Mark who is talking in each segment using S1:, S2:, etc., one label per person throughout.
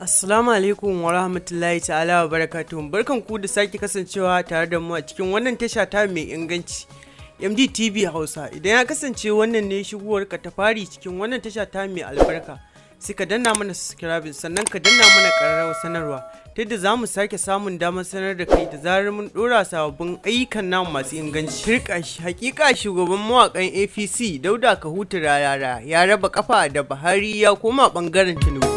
S1: Assalamu alaikum wa rahmatullahi ta'ala wa barakatuhu barkan ku da sake kasancewa tare da mu a cikin wannan tasha ta mai inganci MD TV Hausa idan ya kasance wannan ne shigowar ka ta fari cikin wannan tasha ta mai albarka sai ka danna mana subscribing sannan ka danna mana ƙararrawar sanarwa ta yadda za mu sake samun damar sanar da kai da zarar mun ɗora sababbin ayyukan namu masu inganci shirka hakika shugaban mawakan apc dauda kahutu rayara ya raba kafa da buhari ya koma ɓangaren tinubu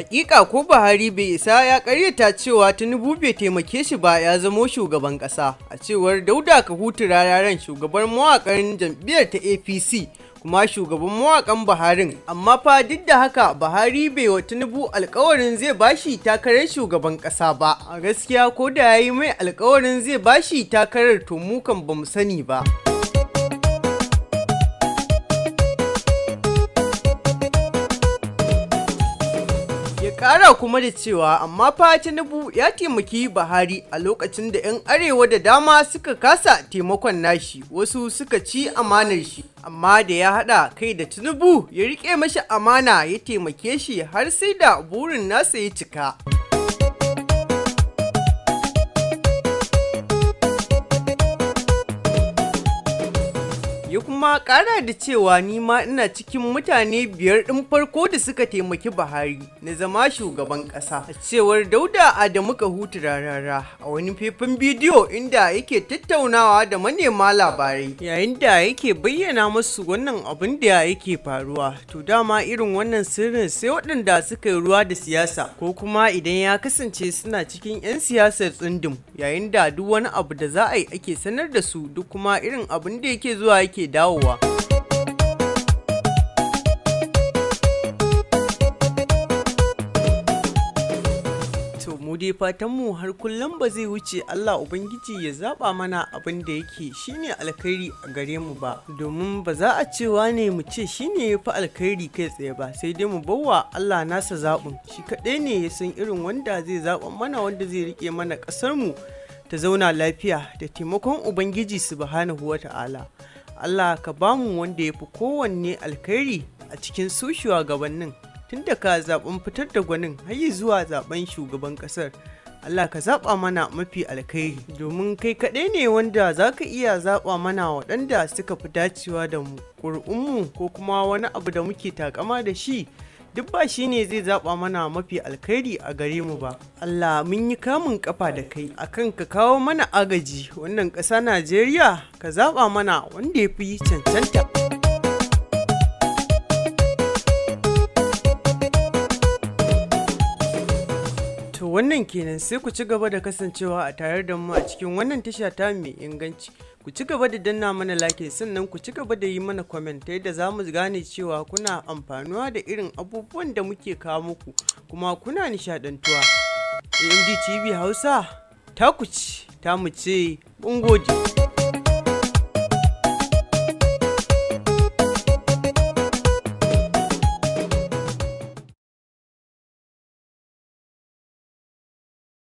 S1: Hakika ko Buhari bai isa ya karyata cewa Tinubu bai taimake shi ba ya zamo shugaban kasa a cewar Dauda ka hutu Rararen shugaban mawakan jam'iyyar ta APC kuma shugaban mawakan Buharin amma fa duk da haka Buhari bai wa Tinubu alkawarin zai bashi takarar shugaban kasa ba a gaskiya ko da yayi mai alkawarin zai bashi takarar to mukan kan bamu sani ba. kara kuma da cewa amma fa tinubu ya taimaki buhari a lokacin da 'yan arewa da dama suka kasa taimakon nashi wasu suka ci amanar shi amma da ya hada kai da tinubu ya rike mashi amana ya taimake shi har sai da burin nasa ya cika. ya kuma kara da cewa ni ma ina cikin mutane biyar ɗin farko da suka taimaki Buhari na zama shugaban ƙasa. A cewar Dauda Adamu Kahutu rarara a wani faifan bidiyo inda yake tattaunawa da manema labarai yayin da yake bayyana musu wannan abin da yake faruwa. To dama irin wannan sirrin sai waɗanda suka yi ruwa da siyasa ko kuma idan ya kasance suna cikin 'yan siyasar tsundum yayin da duk wani abu da za a yi ake sanar da su duk kuma irin abin da yake zuwa yake yake dawowa to mu dai fatan mu har kullum ba zai wuce Allah Ubangiji ya zaɓa mana abin da yake shi ne alkhairi a gare mu ba domin ba za a cewa ne mu ce shi ne ya fi alkhairi kai tsaye ba sai dai mu bawa Allah nasa zaɓin shi kaɗai ne ya san irin wanda zai zaɓa mana wanda zai riƙe mana ƙasar mu ta zauna lafiya da taimakon Ubangiji su wa ta'ala. Allah ka bamu wanda ya fi kowanne alkhairi a cikin su shugabannin tun da ka zaben fitar da gwanin har zuwa zaben shugaban kasar Allah ka zaɓa mana mafi alkhairi domin kai kaɗai ne wanda za ka iya zaɓa mana waɗanda suka fi dacewa da mu ko kuma wani abu da muke takama da shi duk ba shi ne zai zaɓa mana mafi alkhairi a gare mu ba Allah mun yi kamun kafa da kai akan ka kawo mana agaji wannan ƙasa Najeriya ka zaɓa mana wanda ya fi cancanta. To wannan kenan sai ku ci gaba da kasancewa a tare da mu a cikin wannan tasha ta mai inganci. ku ci gaba da danna mana like sannan ku ci gaba da yi mana comment ta yadda za mu gane cewa kuna amfanuwa da irin abubuwan da muke kawo muku kuma kuna nishadantuwa AMD TV Hausa ta ku ci ta mu ce mun gode